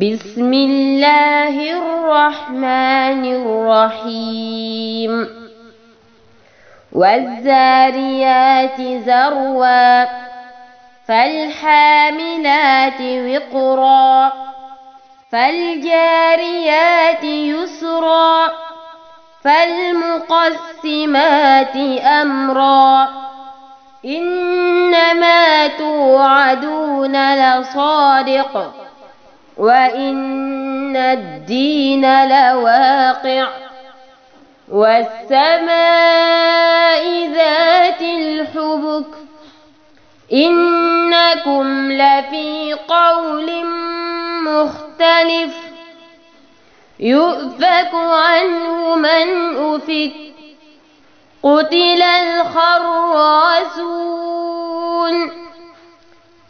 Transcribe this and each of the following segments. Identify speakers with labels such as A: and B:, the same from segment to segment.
A: بسم الله الرحمن الرحيم والزاريات زروا فالحاملات وقرا فالجاريات يسرا فالمقسمات أمرا إنما توعدون لصادق وإن الدين لواقع والسماء ذات الحبك إنكم لفي قول مختلف يؤفك عنه من أفك قتل الخراسون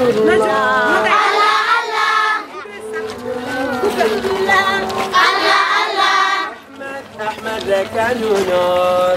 B: الله الله
C: الله أحمد أحمد كانوا نور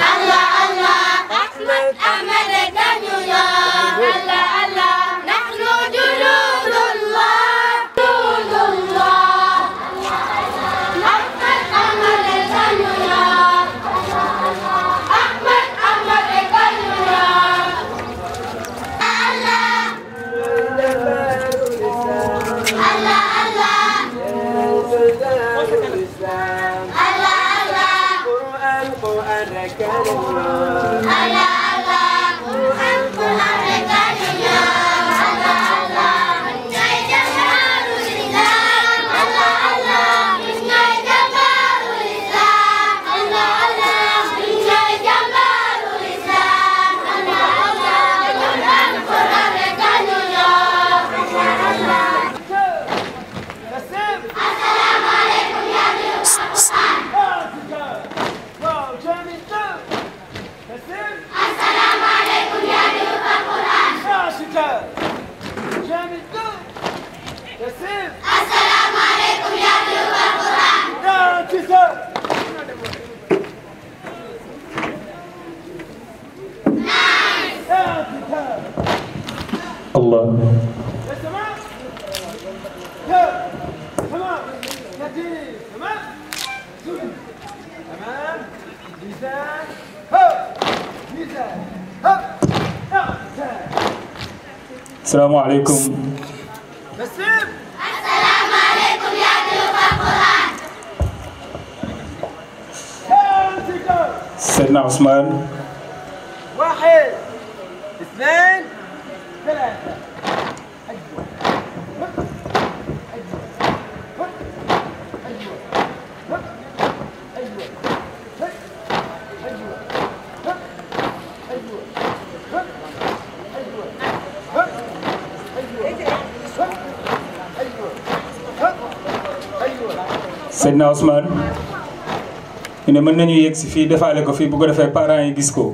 D: السلام عليكم مسلم
C: السلام عليكم يا
E: ضيوف القرآن
D: سيدنا عثمان
E: واحد اثنين
D: c'est Ousmane Il ne mën nañu yegg si ko faire parents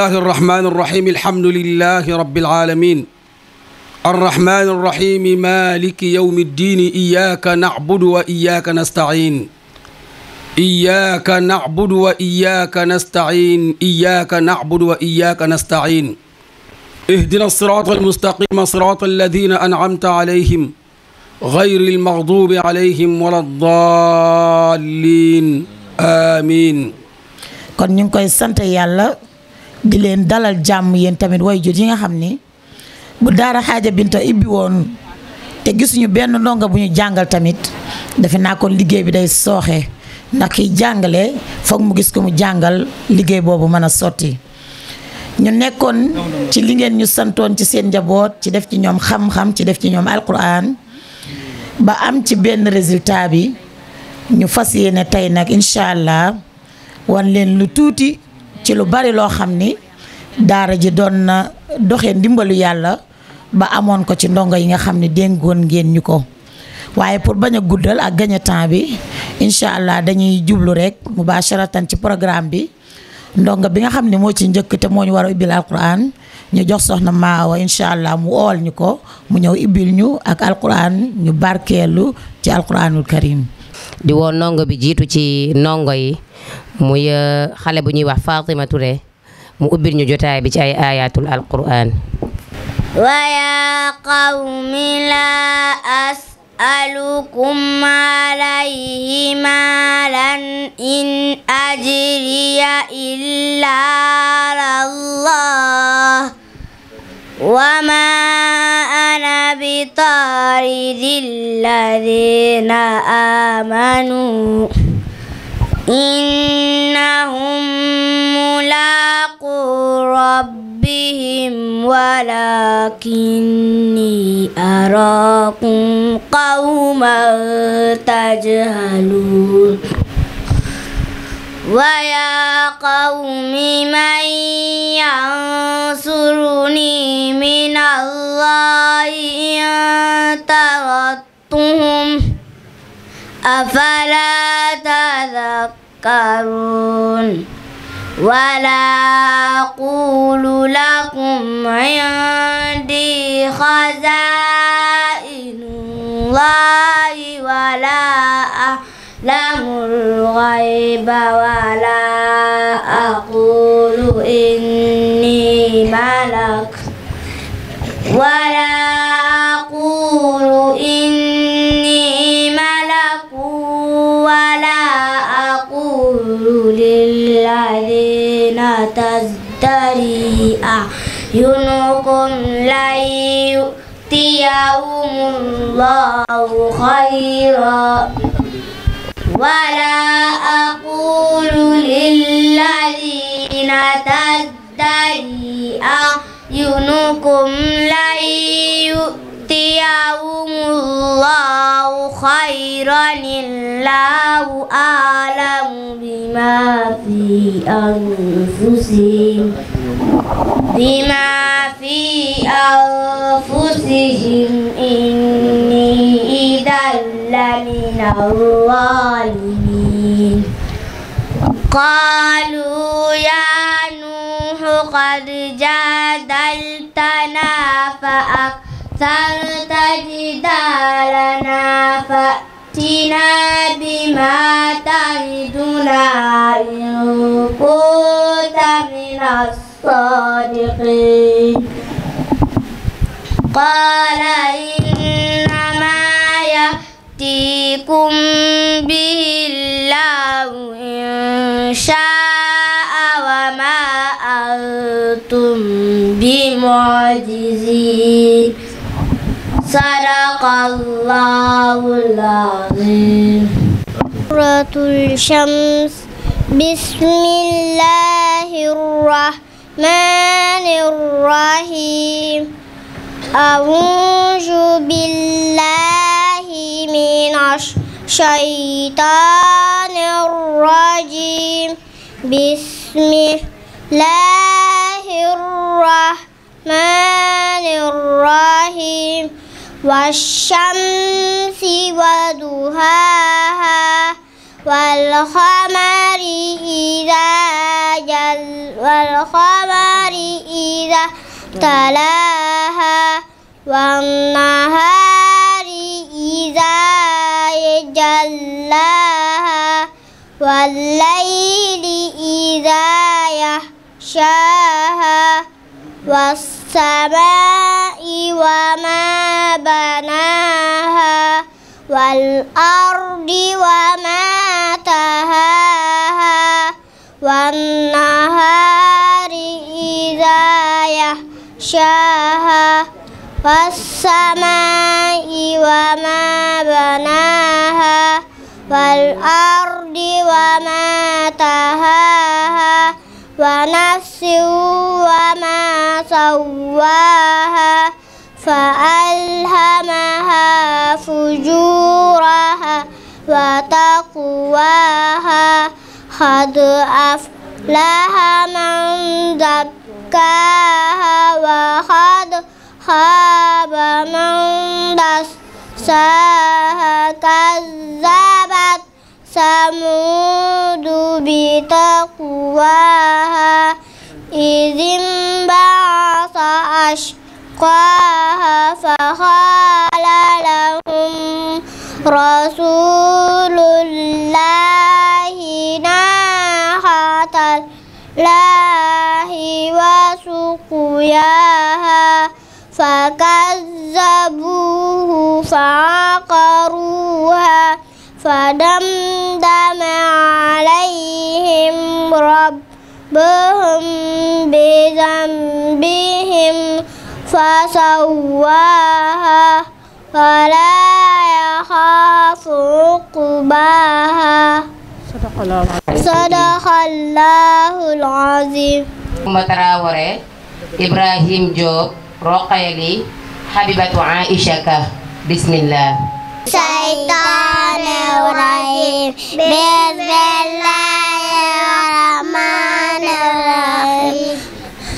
C: الله الرحمن الرحيم الحمد لله رب العالمين الرحمن الرحيم مالك يوم الدين إياك نعبد وإياك نستعين إياك نعبد وإياك نستعين إياك نعبد وإياك نستعين اهدنا الصراط المستقيم صراط الذين أنعمت عليهم غير المغضوب عليهم ولا الضالين آمين
E: kon ñu ngi koy sant di leen dalal jàmm yéen tamit way jur yi nga xam ni bu daara xaaja binta ibbi woon te gisuñu benn ndonga bu ñu jàngal tamit dafa naa ko liggéey bi day sooxe ndax kiy jàngale foog mu gis ko mu jàngal liggéey boobu mën a sotti ñu nekkoon ci li ngeen ñu santoon ci seen njaboot ci def ci ñoom xam-xam ci def ci ñoom alquran ba am ci benn résultat bi ñu fasiyene tay nak nag wan len lu tuti ci lu bari loo xam ni daara ji doon na doxe ndimbalu yàlla ba amoon ko ci ndongo yi nga xam ne déngoon ngéen ñu ko waaye pour bañ a guddal ak gagné bi incha allah dañuy jublu rek mubasharatan ci programme bi ndongo bi nga xam ne moo ci njëkk te moo ñu war a ubbil alquran ñu jox soxna Maawa incha allah mu ool ñu ko mu ñëw ibbil ñu ak alquran ñu barkeelu ci alquranul karim. di woo ndongo bi jiitu ci ndongo yi.
F: موي خالي بو نيوخ فاطمه توري مو اوبير نيو جوتاي بي تي ايات القران
G: ويا قوم لا اسالكم عليه مالا ان اجري الا على الله وما انا بطارد الذين امنوا إنهم ملاقو ربهم
B: ولكني أراكم قوما تجهلون
G: ويا قوم من ينصرني من الله إن تردتهم أفلا تذكرون تذكرون ولا أقول لكم عندي خزائن الله ولا أعلم الغيب ولا أقول إني ملك ولا الذين تزدري أعينكم لن يؤتيهم الله خيرا ولا أقول للذين تزدري أعينكم لن يؤتيهم يؤتيهم الله خيرا الله أعلم
B: بما في أنفسهم
G: بما في أنفسهم إني إذا لمن الظالمين قالوا يا نوح قد جادلتنا فأكبر ترتجد لنا فأتنا بما تعدنا إن كنت من الصادقين قال إنما يأتيكم به الله إن شاء وما أنتم بمعجزين صدق الله العظيم سورة الشمس بسم الله الرحمن الرحيم أعوذ بالله من الشيطان الرجيم بسم الله الرحمن الرحيم والشمس وضحاها والقمر إذا جل والقمر إذا تلاها والنهار إذا جلاها والليل إذا يحشاها والصبح السماء وما بناها والأرض وما تهاها والنهار إذا يحشاها والسماء وما بناها والأرض وما سواها فألهمها فجورها وتقواها قد أفلح من زكاها وقد خاب من دساها كذبت ثمود بتقواها إذ أشقاها فقال لهم رسول الله ناقة الله وسقياها فكذبوه فعقروها فدمدم عليهم ربهم بذنبهم فسواها ولا يخاف عقباها صدق
F: الله العظيم Ouma Traoré Ibrahim Diop Roqaya Ly Habibatu Aïcha Ka bismillah.
G: Shaytaani rajiim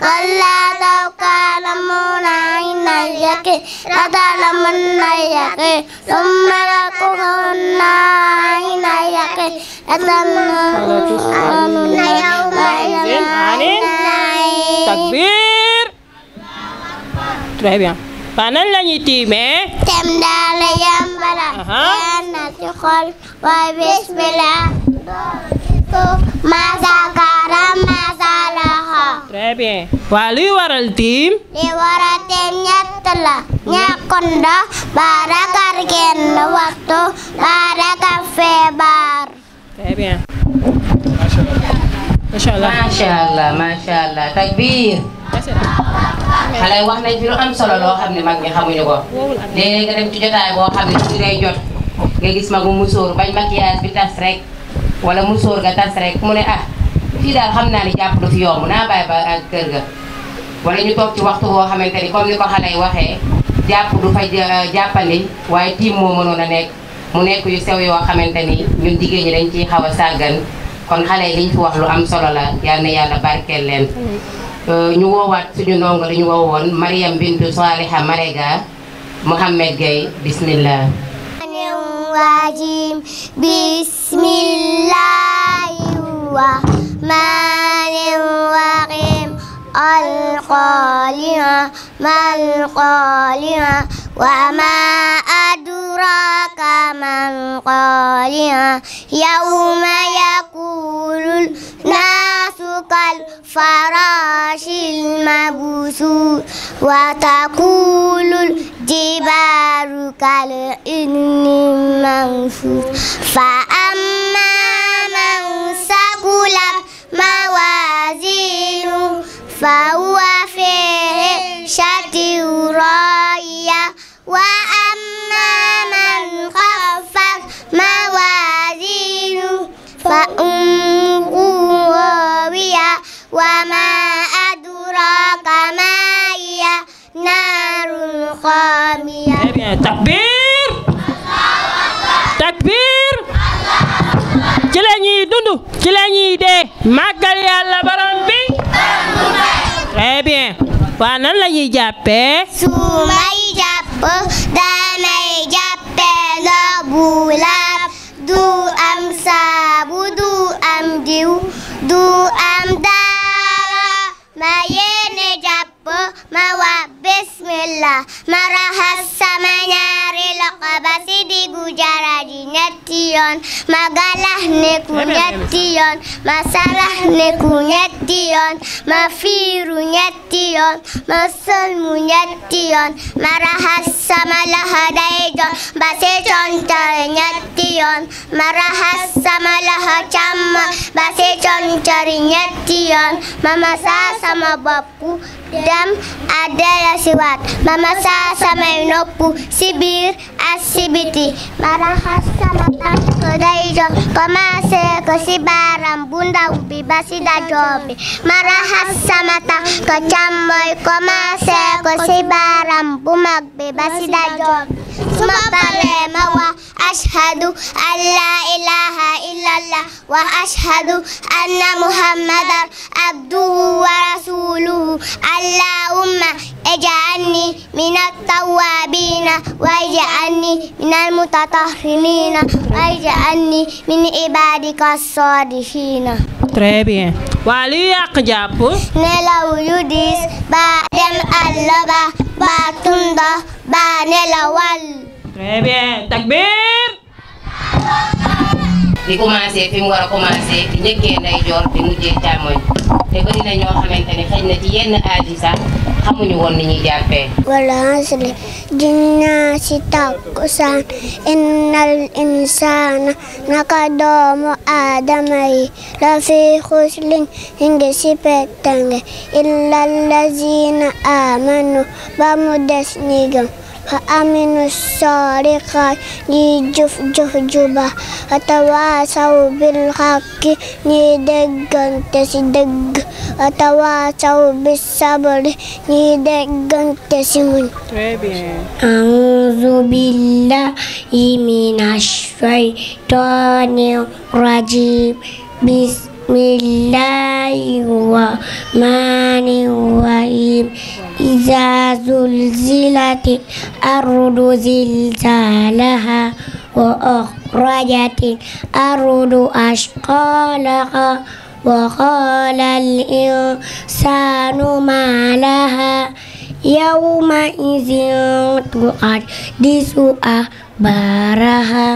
G: كلا لو تعلمون عين اليقين لتعلمن اليقين ثم لترون عين اليقين لتسألن يومئذ عن النعيم تكبير
F: Très bien. Panan la ñuy tiimee.
G: Tem daal yambala. Yaa na ci xol waaye bismillah. Masakara masalah,
F: Très bien. Wali waral tim.
G: Waral tim telah nyakonda barakar kargen waktu kafe bar.
B: Très bien. Masya
F: Allah. Masya Allah, Masya Allah. Takbir. kalau wax nañ fi am solo loh, xam ne mag ñi xamuñu ko léegi nga dem ci jotaay boo xam magu rek wala mu sóor nga tas rek mu ne ah fii daal xam naa ni jàpp du fi yomb naa bàyyi ba ak kër ga wala ñu toog ci waxtu boo xamante ni comme ni ko xale yi moo mënoon a mu nekk yu sew yoo xamante ni ñun jigéen ñi dañ ciy xaw a sàggan kon xale liñ fi wax lu am solo la yal yàlla barkeel leen euh, ñu woowaat suñu ndongo li ñu woo woon Mariam Bintu Saliha Marega Mohamed Gueye bismillah
G: bismillah ما القارعة وما أدراك ما القارعة يوم يقول الناس كالفراش المبثور وتقول الجبال كالإن المنفوث فأما من ثقلت موازينه fahuwa fi syati raya wa amma man khaffat mawazinu fa ummu wawiya wa ma adraka ma hiya narun khamiyah takbir
F: takbir ci lañuy dund ci lañuy dee màggal yàlla borom bi très bien waa nan la ñuy jàppee.
G: su may jàpp damay laab du am saabu du am diw du am dara ma yéene jàpp mawa bismillah marahas nyari lokabasi di gujara Netion, magalah Netion, masalah nekunyetiyon mu masulmunyetiyon marahas basi contoh tarenyetiyon marahas basi contoh Netion, mama sa sama bapu. dem a delesiwaat ma masaa samay nopp si biir ak si biti ma raxas sama tànk ndeyjoor commencé ko si baaram bu ndaw bi ba si dajoor ma raxas sama tànk càmmooñ commencé ko si baaram bu mag bi ba si dajoor ثم برم وأشهد أن لا إله إلا الله وأشهد أن محمدا عبده ورسوله اللهم اجعلني من التوابين واجعلني من المتطهرين واجعلني من عبادك الصالحين
F: Très bien. Walu yàq jàpp.
G: Nelaw yu ba dem باتندا بانيلا
B: وال تكبير
F: di commencé fi mu war a commencé di njëkkee ndeyjoor di mujjee càmmoñ te bëri na ñoo xamante ne xëy na ci yenn aaj yi sax xamuñu woon ni ñuy jàppee.
B: takkusaan innal insaana naka doomu aadama la fi xuslin ñu ngi si pettange illa lazina amanu ba mu des ñi gëm فأمنوا السارقة جهجبة وتواصوا بالحق لدق تصدق وتواصوا بالصبر لدق تصمن أعوذ بالله من الشيطان الرجيم بسم الله الرحمن الرحيم إذا زلزلت الأرض زلزالها وأخرجت الأرض أشقالها وقال الإنسان ما لها يومئذ تحدث أخبارها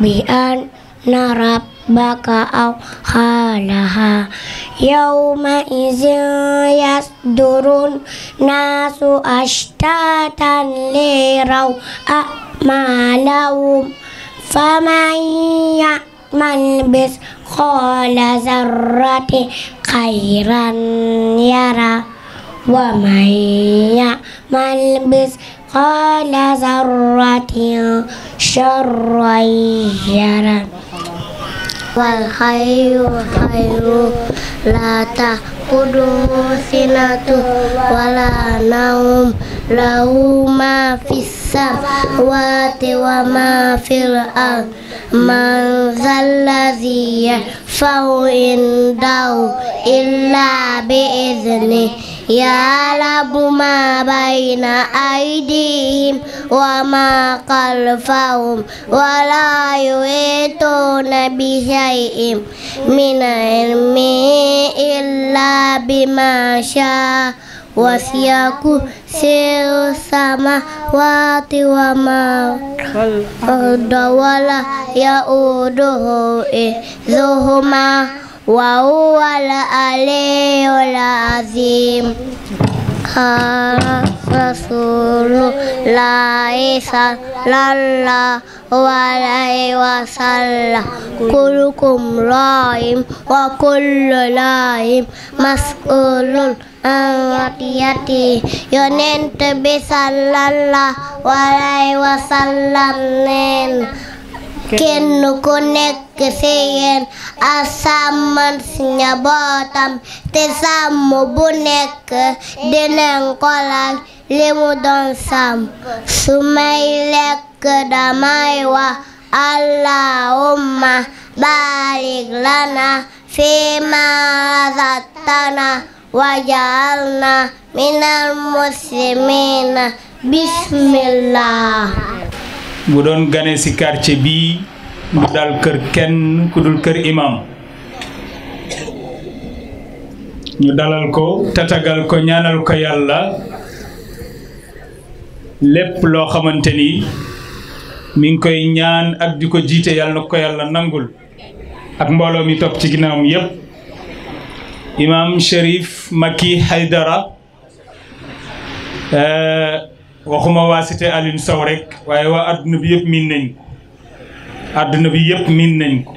B: بأن ربها بكى أو خالها يومئذ يصدر الناس أشتاتا ليروا أعمالهم فمن يعمل مثقال ذرة خيرا يرى ومن يعمل مثقال ذرة شرا يرى والخير خير لا تأخذه سنة ولا نوم له ما في السماوات وما في الأرض من ذا الذي يشفع عنده
G: إلا بإذنه يعلم ما بين أيديهم وما خلفهم ولا يؤتون بشيء من علمه إلا بما شاء وسياكو سير السماوات وما الأرض ولا يؤوده إذهما وهو العلي العظيم رسول الله صلى الله عليه وسلم كلكم راعٍ وكل راعٍ مسؤول watiyati yonent bi sallallahu alayhi wa sallam neen kenn ku nekk ci yéen asaman si njabootam te sàmm bu nekk dinañ ko laaj li mu doon sàmm su may lekk damay wax allahumma barik lana fi ma razaqtana وجعلنا من المسلمين بسم الله
D: bu doon gane ci quartier bi du dal kër kenn ku dul kër imam ñu dalal ko tatagal ko ñaanal ko yàlla lépp loo xamante ni mi ngi koy ñaan ak di ko jiite yàlla na ko yàlla nangul ak mbooloo mi topp ci ginnaaw yépp imaam Cherif Maki Haydara euh, waxuma waa site Alioune Sow rek waaye wa àdduna bi yëpp miin nañ ko bi yëpp miin nañ ko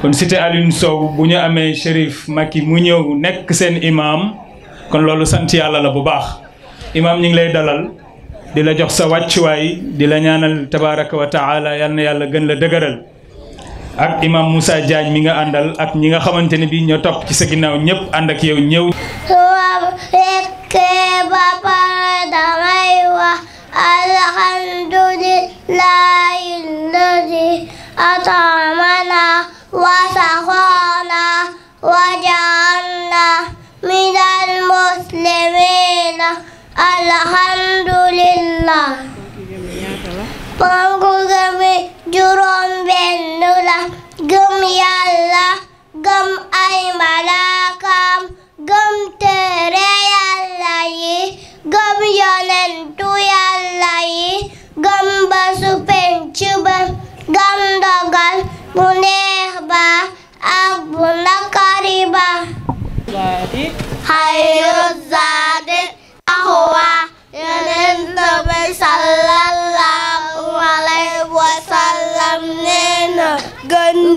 D: kon cité Alioune Sow bu ñu amee Cherif Maki mu ñëw nekk seen imaam kon loolu sant yàlla la bu baax imaam ñu ngi lay dalal di la jox sa wàccuwaay di la ñaanal tabaraka wa taala yal na yàlla gën la dëgëral ak imam Moussa Diagne mi nga àndal ak ñi nga xamante ne bii ñoo topp ci sa ginnaaw ñëpp ànd ak yow ñëw.
G: su ma lekkee ba pare damay wax alhamdulillahi lladi atamana wa saxoona wa jaalna minal muslimina alhamdulillah. juróom benn la gëm yàlla gëm ay malaakaam gëm téere yàlla yi gëm yonentu yàlla yi gëm basu penc ba gëm dogal bu neex ba ak bu nakari ba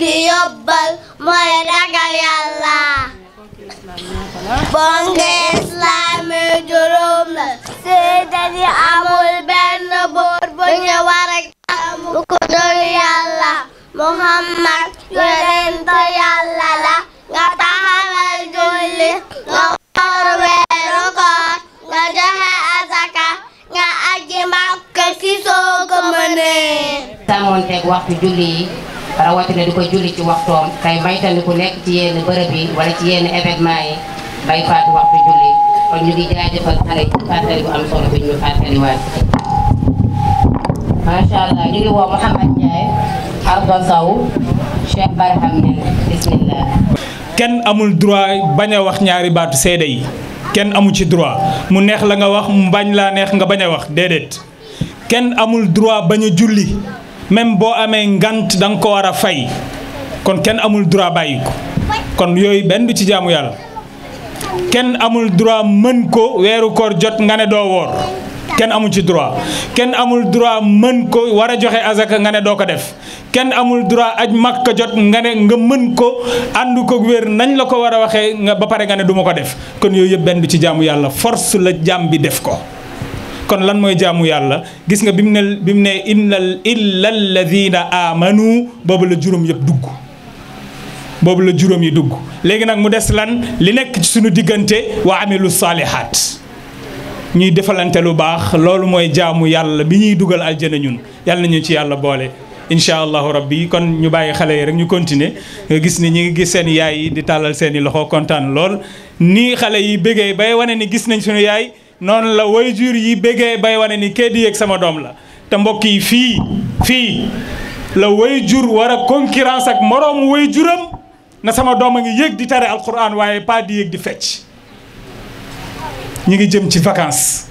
G: di yóbbal mooy ragal yàlla ponk islaam yi juróom la seede ni amul benn buur bu ñu war a jaamu ku dul yàlla muhammad yonent yàlla la nga taxawal julli nga war weeru koor nga joxe màkk
F: si soo ko mënee. sàmmoonteeg waxtu julli yi rawatina di ko julli ci waxtoom kay maytandiku nekk ci yenn bërëb yi wala ci yenn événement yi bay faatu waxtu julli kon ñu ngi jaajëfal xale yi fàttali bu am solo bi ñu fàttaliwaat. macha allah ñu ngi woo Mouhamed Ndiaye Ardo Sow Cheikh Barham Niass bismillah.
D: kenn amul droit bañ a wax ñaari baatu seede yi. kenn amu ci droit mu neex la nga wax mu bañ laa neex nga bañ a wax déedéet kenn amul droit bañ a julli même boo amee ngant da nga ko war a fay kon kenn amul droit bàyyi ko kon yooyu benn du ci jaamu yàlla kenn amul droit mën ko weeru koor jot nga ne doo woor kenn amul ci droit kenn amul droit mën ko war a joxe azaka nga ne doo ko def kenn amul droit aj makka jot nga ne nga mën ko ànd ko wér nañ la ko war a waxee nga ba pare nga ne duma ko def kon yooyu yëpp benn bi ci jaamu yàlla force la jaam bi def ko kon lan mooy jaamu yàlla gis nga bi mu ne bi mu ne innal illa alladina amanu boobu la juróom yëpp dugg boobu la juróom yi dugg léegi nag mu des lan li nekk ci suñu diggante wa amilu saalihaat ñuy defalante lu baax loolu mooy jaamu yàlla bi ñuy dugal aljana ñun yàlla nañu ci yàlla boole incha allahu rabbi kon ñu bàyyi xale yi rek ñu continuer nga gis ni ñu ngi gis seen yaay yi di tàllal seeni loxo kontaan lool nii xale yi bëggee bay wane ni gis nañ suñu yaay noonu la jur yi bëggee bay wane ni kee di yéeg sama doom la te mbokk yi fii fii la waajur war a concurrence ak moroomu waajuram na sama doom a ngi yéeg di tare alquran waaye pas yéeg di fecc ñi ngi jëm ci vacances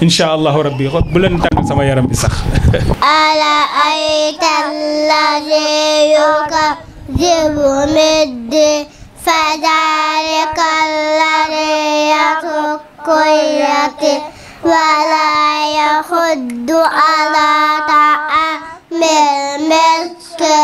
D: insha allahu rabbi xot bu len tang sama yaram bi sax
G: ala ayta allazi yukazibu middi fadalika allazi yatukku yati wala yaxuddu ala ta'a mel miski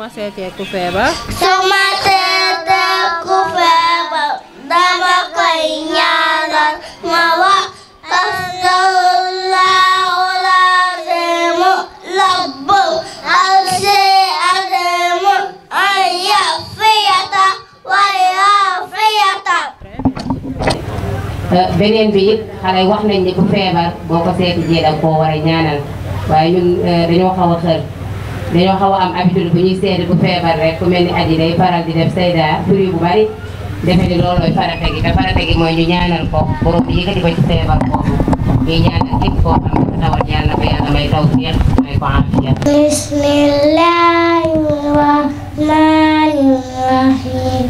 F: ma seetee ku su ma
G: seetee feebar dama koy ñaanal ma wax astaghfirullah al-azim rabbu al-azim an yafiyata wa yafiyata.
F: Eh, beneen bi it xale wax nañ ku feebar boo ko seeti jee da koo war ñaanal waaye ñun eh, dañoo xaw dañoo xaw a am habitude bu ñuy seede bu feebar rek ku mel ni aji day faral di def sayda prix bu bari defe ni loolooy farata gi te farata gi mooy ñu ñaanal ko borom bi yëkkati ko ci feebar boobu ñuy ñaanal képp koo xam ne tawat yàlla ko yàlla may taw seet may ko aafiya
B: bismillahi rahmani rahim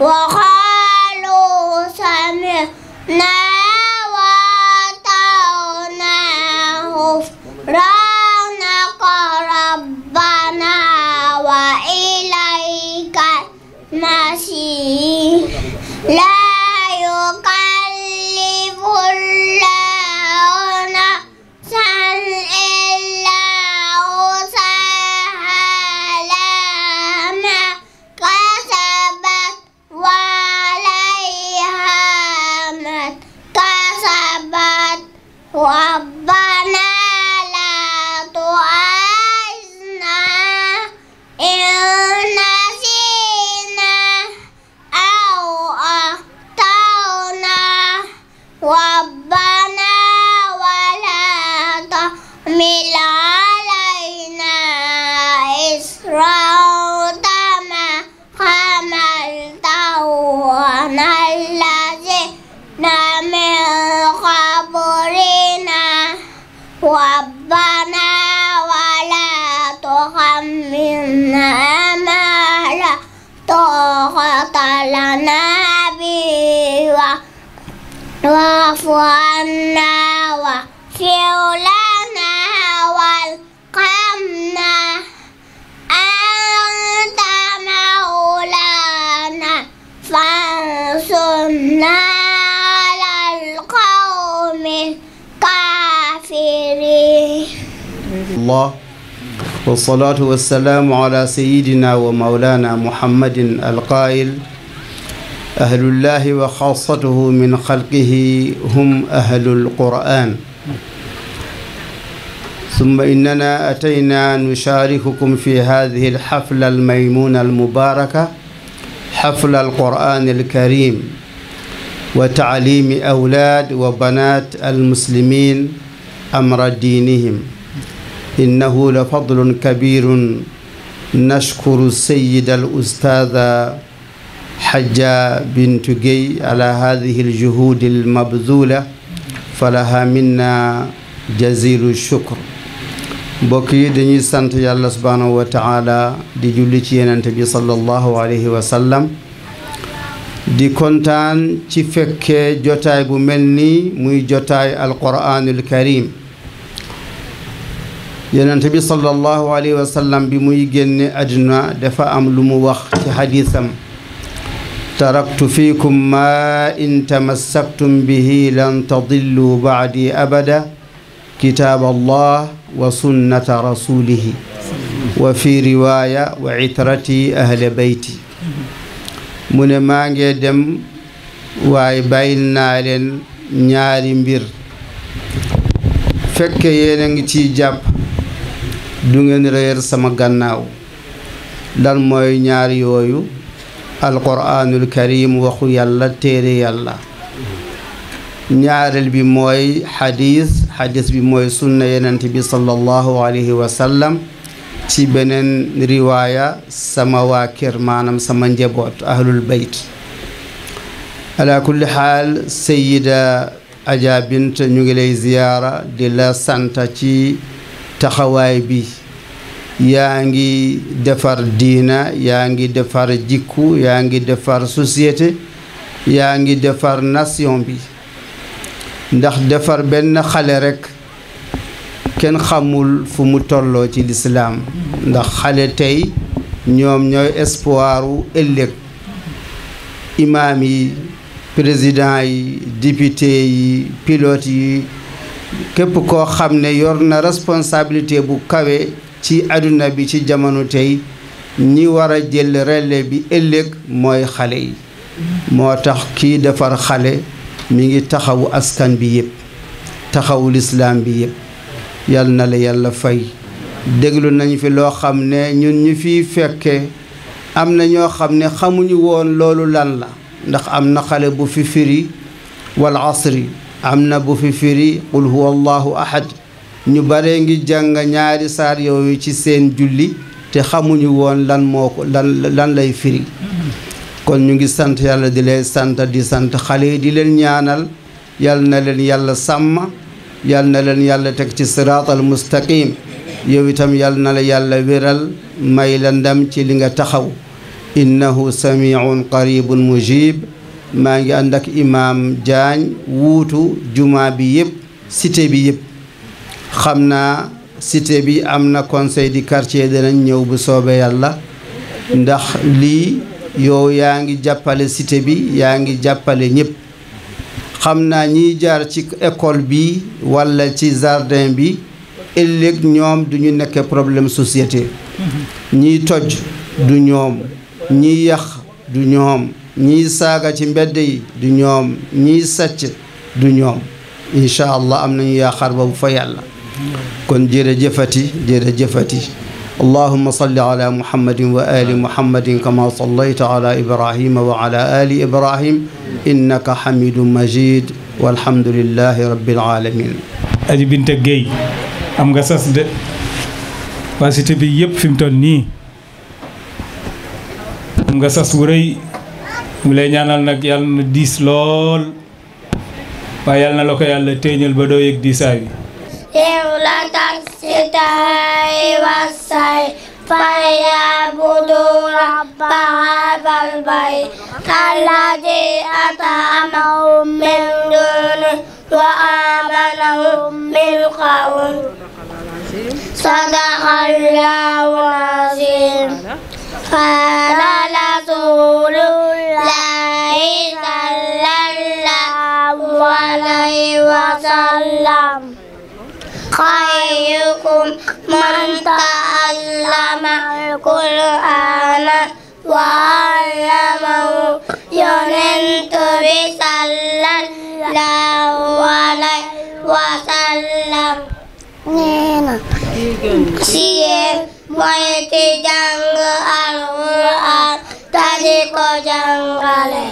C: Well,
G: واعف عنا واغفر لنا وارحمنا أنت مولانا فانصرنا على القوم الكافرين
C: الله والصلاة والسلام على سيدنا ومولانا محمد القائل أهل الله وخاصته من خلقه هم أهل القرآن ثم إننا أتينا نشارككم في هذه الحفلة الميمونة المباركة حفل القرآن الكريم وتعليم أولاد وبنات المسلمين أمر دينهم إنه لفضل كبير نشكر السيد الأستاذ الحجة بنت جي على هذه الجهود المبذولة فلها منا جزيل الشكر mbokk yi dañuy sant yàlla subhaanahu di julli ci yenent bi sallallahu di kontaan ci fekkee jotaay bu mel ni muy jotaay alquraanul karim yenent bi sallallahu alayhi bi muy génne àdduna dafa am lu mu wax ci xadiisam taraktu fiikum ma in tamassaktum bihi lan tadillu baadi abada kitaab allah wa sunnata rasulihi wa fi riwaaya wa itrati ahli beyti mu ne maa ngi dem waaye bàyyil naa leen ñaari mbir fekke yéen a ngi ciy jàpp du ngeen sama gannaaw lan mooy ñaar yooyu alquraanul karim waxu yàlla téere yàlla ñaareel bi mooy xadis xadis bi mooy sunna yenent bi sallallahu alayhi wa ci beneen riwaaya sama waa kër maanaam sama njaboot ahlul bayt ala kulli xaal sayida aja ñu ngi lay ziyaara di la sant ci taxawaay bi yaa ngi defar diina yaa ngi defar jikku yaa ngi defar société yaa ngi defar nation bi ndax defar benn xale rekk kenn xamul fu mu tolloo ci lislaam ndax xale tey ñoom ñooy espoiru ëllëg imaam yi président yi député yi pilote yi képp koo xam ne yor na responsabilité bu kawe ci àdduna bi ci jamono tey ñi war a jël relais bi ëllëg mooy xale yi moo tax kii defar xale mi ngi taxawu askan bi yëpp taxawu lislaam bi yëpp yal na la yàlla fay déglu nañu fi loo xam ne ñun ñu fiy fekke am na ñoo xam ne xamuñu woon loolu lan la ndax am na xale bu fi firi asri am na bu fi qul huwa allahu ahad ñu bare ngi jàng ñaari sar yooyu ci seen julli te xamuñu won lan moko lan lan lay firi kon ñu ngi sante yàlla di lay sante di sante xale di len ñaanal yalla na len yàlla sam yalla na len yàlla tek ci siratal mustaqim yow itam yalla na la yàlla wéral may la ndam ci li nga taxaw innahu samiun qaribun mujib ma ngi andak imam imaam Diagne juma bi yeb cité bi yeb xam naa cité bi am na conseil di quartier danañ ñëw bu soobee yàlla ndax lii yow yaa ngi jàppale cité bi yaa ngi jàppale ñëpp xam naa ñiy jaar ci école bi walla ci jardin bi ëllëg ñoom duñu nekk problème société ñiy toj du ñoom ñiy yàq du ñoom ñiy saaga ci mbedd yi du ñoom ñiy sàcc du ñoom incha allah am nañu yaakaar boobu fa yàlla kon jërëjëfati jërëjëfati allahuma salli ala muhammadin wa ali muhammadin kama sallayta ala ibrahima wa ala ali ibrahim innaka xamidu majid walhamdulilahi rabbil alamin aji Binta Gueye am nga sas de waa
D: bi yëpp fi mu tol nii am nga sas wu mu lay ñaanal nag yàlla na diis lool waaye yàlla na la ko yàlla téeñal ba doo yëg diisaa
B: دولة الستاء والسيف فليعبدوا رب هذا البيت
G: الذي أطعمهم من دون وآمنهم من قول صدق الله العظيم قال رسول الله صلى الله عليه وسلم خيركم من تعلم القرآن وعلمه يونت صلى الله عليه وسلم Siye mọi thì chẳng al-Quran ta đi có chẳng gale.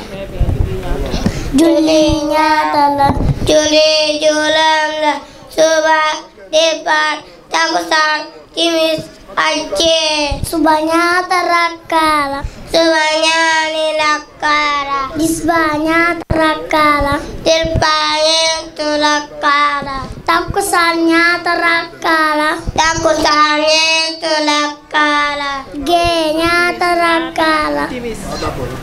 G: Julinya tanah, Juli julam lah subah Devar, Tagosar, timis Aceh Subanya terakala Subanya nilakara Disbanya terakala Dirpanya tulakala Takusannya terakala Takusannya tulakala genya Tarakala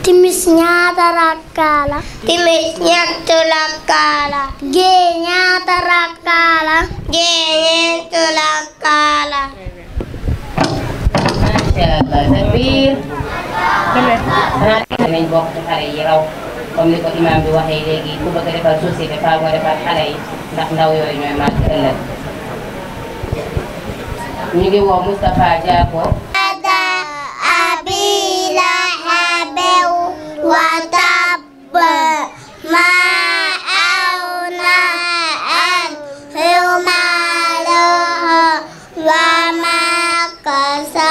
G: Timisnya terakala Timisnya tulakala genya Tarakala terakala Tulakara tulakala macha
F: allah sa biir. dëgg la danañ bokk ci xale yi raw comme ni ko imam bi waxee léegi ku bëgg a defar société faaw nga defar xale yi ndax ndaw yooyu ñooy màgg ëllëg. ñu ngi woo Moustapha Diako.
G: Mama. cause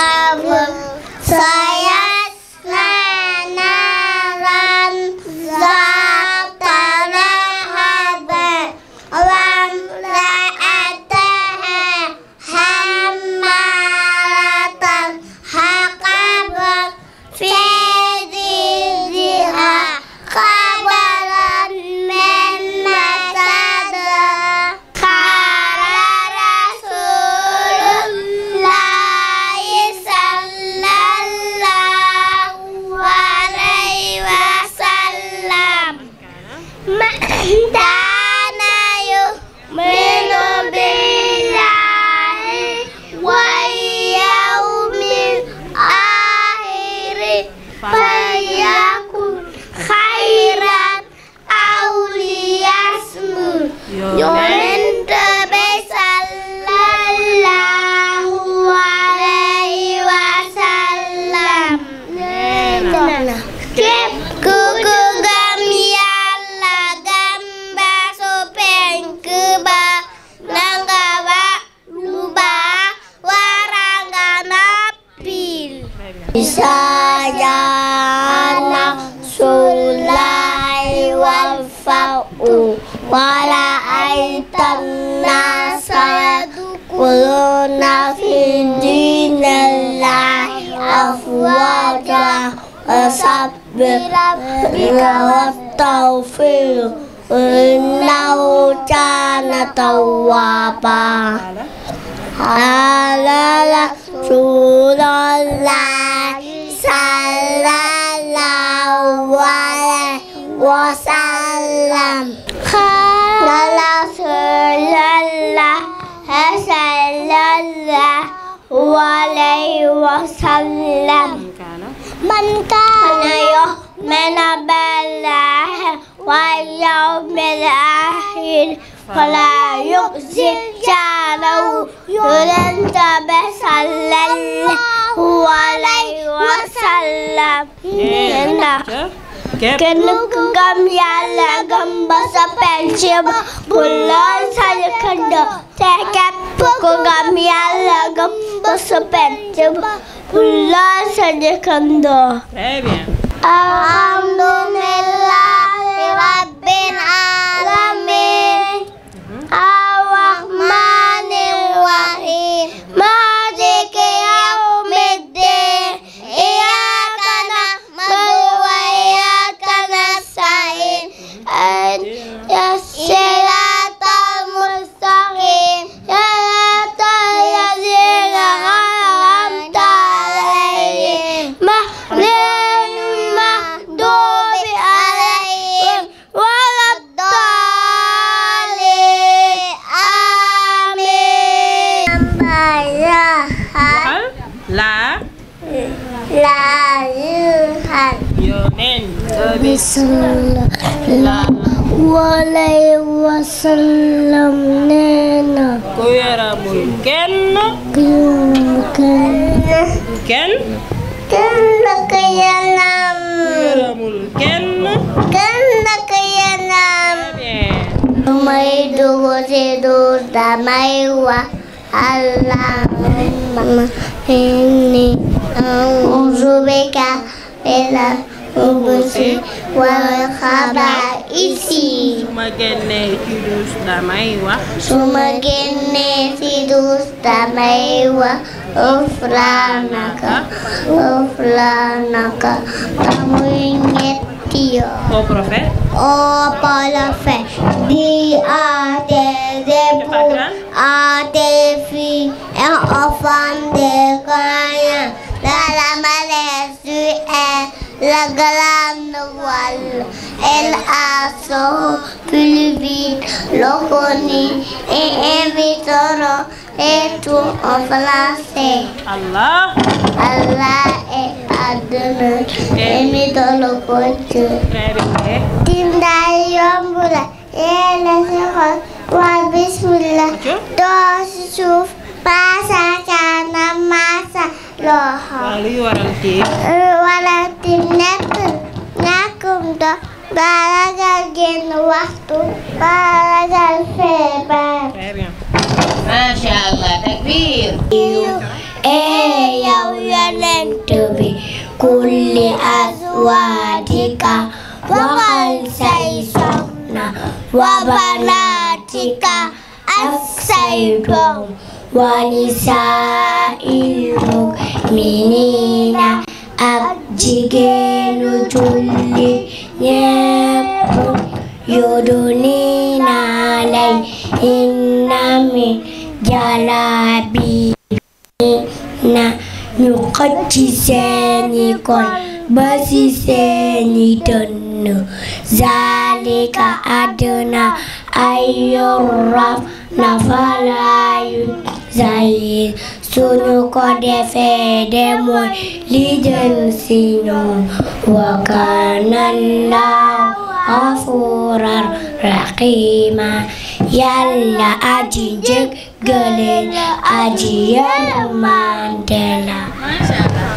G: الله عليه وسلم من كان يؤمن بالله واليوم الآخر فلا يؤذي جاره يرد صلى الله عليه وسلم गम याला गंबस पेंशियम बुल्लर सालखंड सैकैप को गम याला गंबस पेंशियम बुल्लर सालखंड très bien alhamdulillah rabbil alamin ar-rahmanir rahim maliki
B: sallallahu alayhi wa sallam nee na ku yaramul kenn ku yaramul
G: kenn kenn kenn ku yaram ku yaramul kenn kenn ku yaram damay dugg ci duus damay wax allahumma inni a'uuzu bika mina al-khubuthi wal xabaa'is
F: su ma génnee ci duus damay wax.
G: su ma génnee ci duus damay wax. ufraanaka ufraanaka tamuy ñetti yoon. au prophète. au prophète. di àtte lépp àtte fi un enfant de croyant. la la malaise la grande voile. Elle a son plus vite le connu et invitera les tout en français. Allah. Allah est adonné et mis dans le côté. Tinda yombula yéla si xol wa bismillah doo si suuf paasa kaana maasa. loxo. waaw luy
F: waral kii. lu
G: waral kii waxtu baa ragal
B: ee yow bi kulli azwaajika waxal say soxna wa banaatika Walisa ilu minina abjigenu tuli nyepu yudunina lai inami jalabi na nyukati ko. ba si seeni dënn zalika adna ay yurraf na falaayu zayir suñu ko defee li gën wa kaana llaahu gafuuran raxiima yàlla aji jéggal aji yërmande la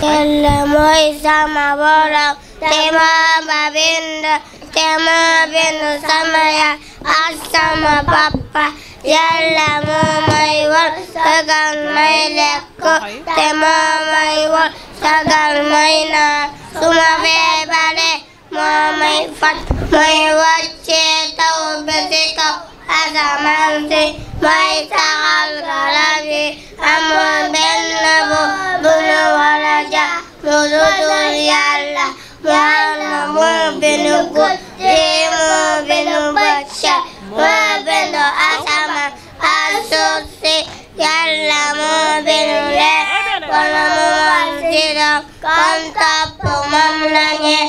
B: yàlla mooy sama borom te moo ma
G: bind te moo bind sama yaay ak sama papa yàlla moo may wol sagal may lekk te moo may wol sagal may naan su ma feebaree moo may faj may wàccee taw bi ci kaw asamaan si mooy saxal garab benn bu bu wala ja mu dul yàlla yàlla moo bindu guddi moo bindu bëccëg moo bindu asamaan ak suuf si yàlla moo bindu leen wala mu wal si doom kon topp moom la ñu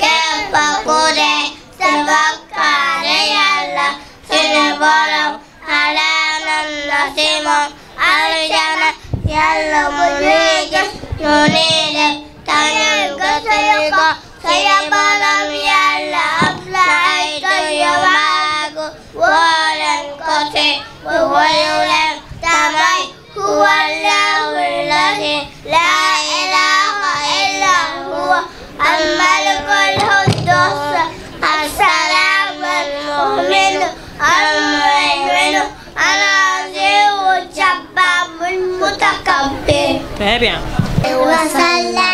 G: képp ku dee sa bakkaare yàlla suñu borom xalaanan na si moom aljana yàlla mu ñuy gis ñu nii def te ñun gisuñu ko suñu borom yàlla كبر فابع وصلى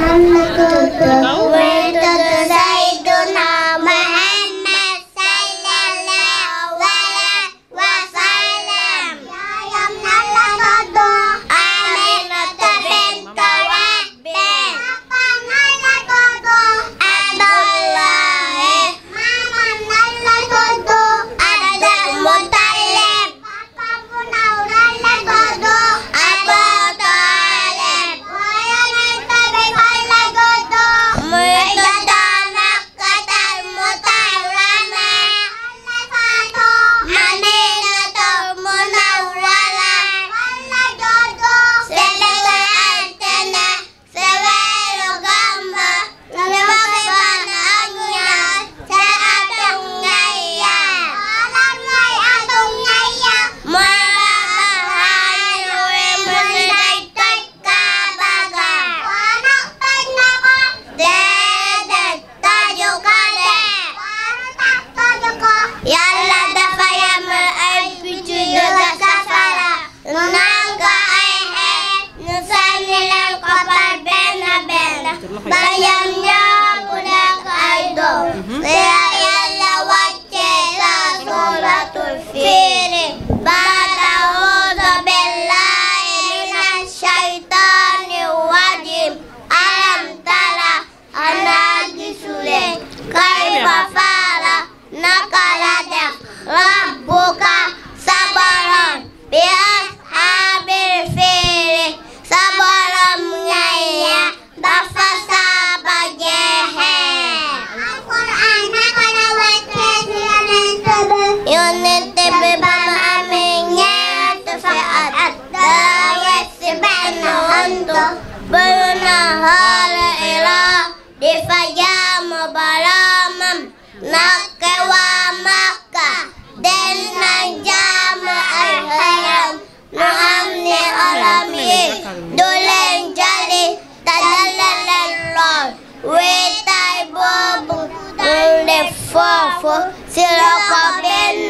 G: ولم تطلع وتتسلى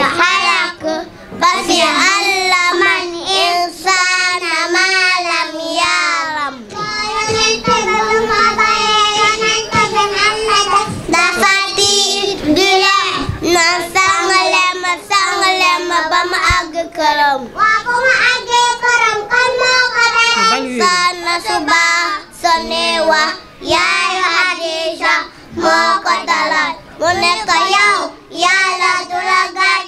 G: halaqu Fasi allaman insana ma lam yalam Nafati dula Nasang lema sang lema Bama aga karam Wapu ma aga karam Kan mau karam Sana subah Sonewa Ya hadisha Mau Ya la tulagat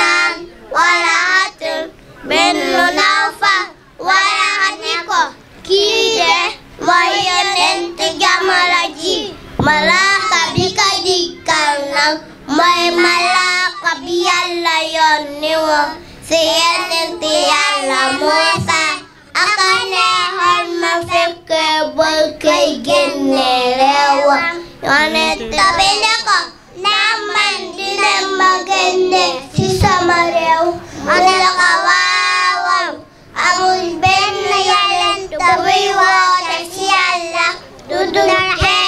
G: wala atum benn nafa wala ne ko kii de mooy yonent jamono mooy malaaka bi yàlla si yonent yàlla Muusa aka neexoon ma fekke boy koy génne reewa مروا عن القوارب أمو البن يلن تبي وتشي الله تدرحي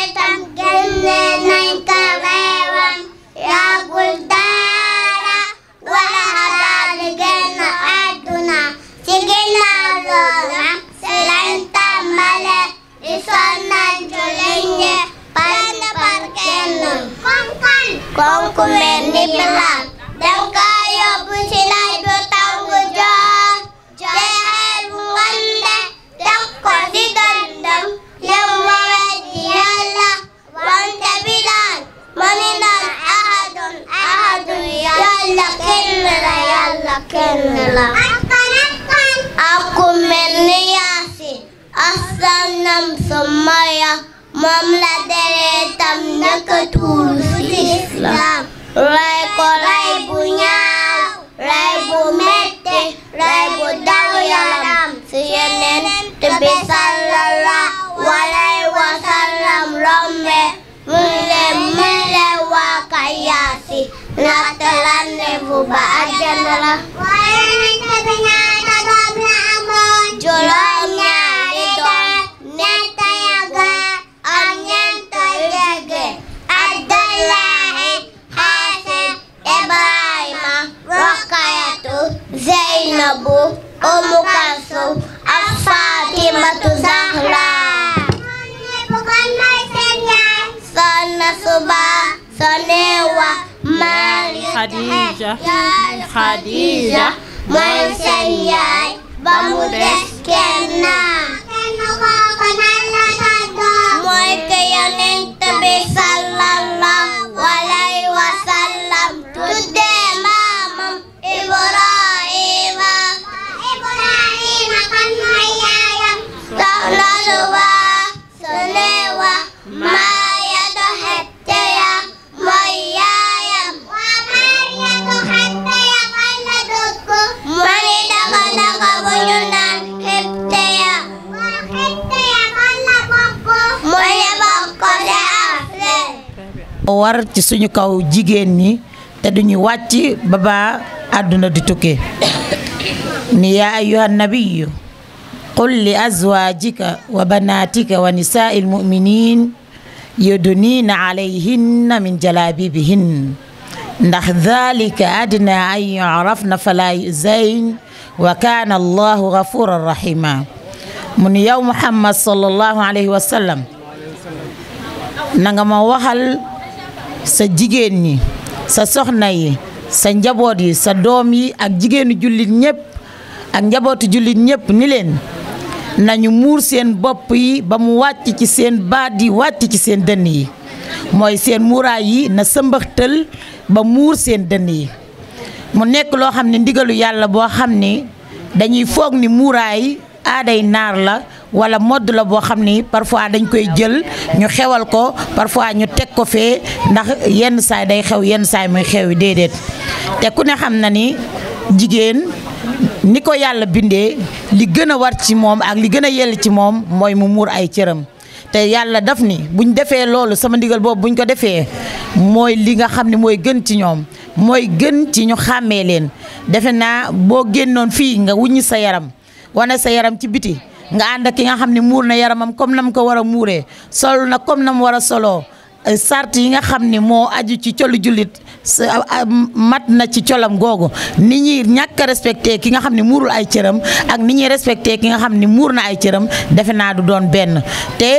E: war ci suñu kaw jigéen ñi te duñu wàcc ba ba àdduna di tukki ni yaa ayyuha nabiyu qul li azwaajika wa banaatika wa nisaai almuminin yuduniina alayhinna min jalaabibihin ndax dhalika adna an yurafna fala yuzayn wa kaana allahu gafuran rahima mu ni yow muhammad sallallahu alayhi wa sallam na nga ma waxal sa jigéen ñi sa soxna yi sa njaboot yi sa doom yi ak jigéenu jullit ñëpp ak njabootu jullit ñépp ni leen nañu muur seen bopp yi ba mu wàcc ci seen baat yi wàcc ci seen dënn yi mooy seen muuraay yi na sëmbaxtal ba muur seen dënn yi mu nekk loo xam ne ndigalu yàlla boo xam ni dañuy foog ni muuraay aaday naar la wala modd la boo xam ni parfois dañ koy jël ñu xewal ko parfois ñu teg ko fee ndax yenn saay day xew yenn saay muy xew yi déedéet te ku ne xam na ni jigéen ni ko yàlla bindee li gën a war ci moom ak li gën a yell ci moom mooy mu muur ay cëram te yàlla daf ni buñ defee loolu sama ndigal boobu buñ ko defee mooy li nga xam ni mooy gën ci ñoom mooy gën ci ñu xàmmee leen defe naa boo génnoon fii nga wuññi sa yaram wane sa yaram ci biti nga ànd ak ki nga xam ne muur na yaramam comme nam ko war a muuree sol na comme nam war a soloo sart yi nga xam ni moo aju ci colu jullit mat na ci colam googu ni ñuy ñàkk a ki nga xam ne muurul ay cëram ak ni ñuy respecté ki nga xam ne muur na ay cëram defe naa du doon benn te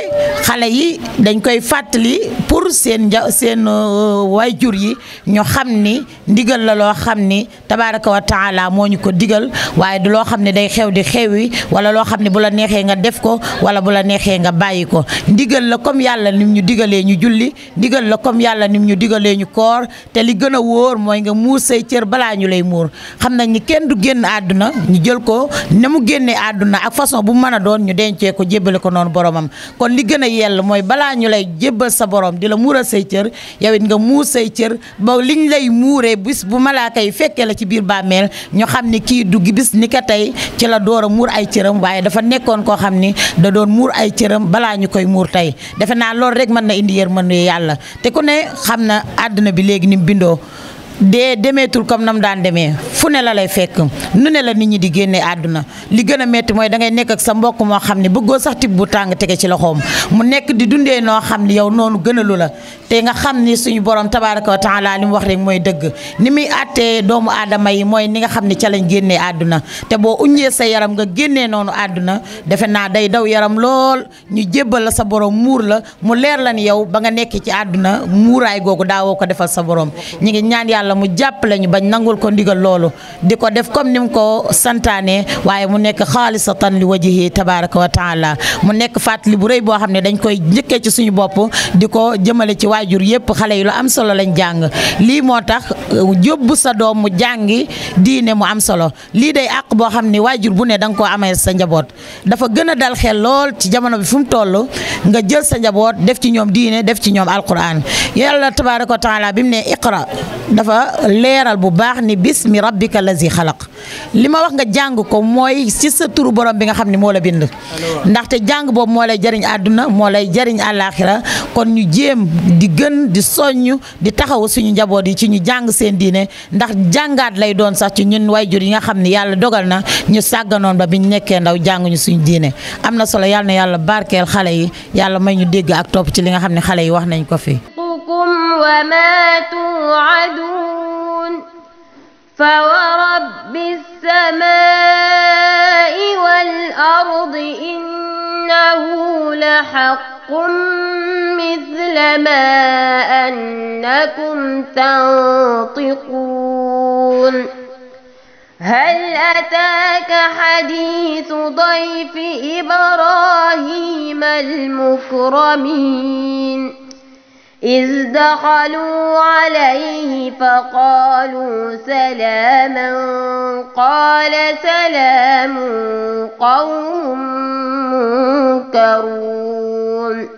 E: xale yi dañ koy fàttali pour seen nja seen uh, waajur yi ñu xam ni ndigal la loo xam ni tabaaraka wa taala moo ñu ko digal waaye du loo xam ne day xew di xewi wala loo xam ne bu la neexee nga def ko wala bu la neexee nga bàyyi ko ndigal la comme yàlla nim ñu digalee ñu julli bi digal la comme yàlla nim ñu digalee ñu koor te li gën a wóor mooy nga muur say cër balaa ñu lay muur xam nañ ni kenn du génn àdduna ñu jël ko na mu génnee àdduna ak façon bu mën a doon ñu dencee ko jébbale ko noonu boromam kon li gën a yell mooy balaa ñu lay jébbal sa borom di la muural say cër yow it nga muur say cër ba liñ lay muuree bis bu malaaka yi fekkee la ci biir bàmmeel ñu xam ni kii du bis ni ko tey ci la door muur ay cëram waaye dafa nekkoon koo xam ni da doon muur ay cëram balaa ñu koy muur tey yàlla te ku ne xam na àdduna bi léegi ni mu bindoo de demeetul comme nam daan demé fu ne la lay fekk nu ne la nit ñi di génné aduna li gëna metti moy da ngay nekk ak sa mbokk mo xamni bëggo sax tib bu tang ci loxom mu nekk di dundé no xamni yow nonu gëna lu la te nga xamni suñu borom tabaaraku taala lim wax rek moy dëgg ni mi atté doomu adama yi moy ni nga xamni ci lañu génné aduna té bo boo sa yaram nga génné nonu aduna défé na day daw yaram lool ñu jébal la sa borom mur la mu lér la ni yow ba nga nekk ci aduna muray gogu sa borom ñi ngi ñaan yàlla mu jàppale ñu bañ nangul ko ndigal loolu di ko def comme ni mu ko santaane waaye mu nekk xaalisatan li wajihi tabaraka wa taala mu nekk fàttali bu rëy boo xam ne dañ koy njëkkee ci suñu bopp di ko jëmale ci waajur yëpp xale yi la am solo lañ jàng lii moo tax uh, yóbbu sa doom mu jàngi diine mu am solo lii day àq boo xam ne waajur bu ne da nga koo amee sa njaboot dafa gën a dal xel lool ci jamono bi fu mu toll nga jël sa njaboot def ci ñoom diine def ci ñoom alquran yàlla tabaraka wa taala bi mu ne iqra dafa dafa leeral bu baax ni bismi rabbika lazi xalaq li ma wax nga jàng ko mooy ci sa turu borom bi nga xam ni moo la bind ndaxte jàng boobu moo lay jariñ àdduna moo lay jariñ àllaaxira kon ñu jéem di gën di soññ di taxaw suñu njaboot yi ci ñu jàng seen diine ndax jàngaat lay doon sax ci ñun jur yi nga xam ne yàlla dogal na ñu sàgganoon ba biñ nekkee ndaw jànguñu suñu diine am na solo yàlla na yàlla barkeel xale yi yàlla may ñu dégg ak topp ci li nga xam ne xale yi wax nañ ko fi
A: رزقكم وما توعدون فورب السماء والأرض إنه لحق مثل ما أنكم تنطقون هل أتاك حديث ضيف إبراهيم المكرمين إذ دخلوا عليه فقالوا سلاما قال سلام قوم منكرون